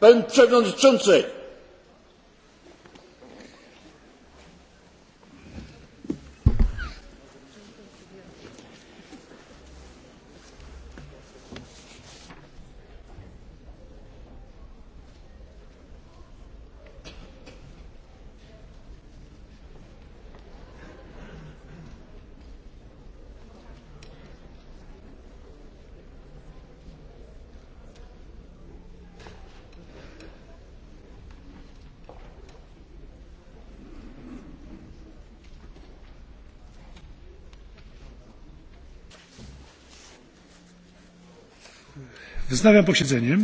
Pan Przewodniczący! Wznawiam posiedzenie.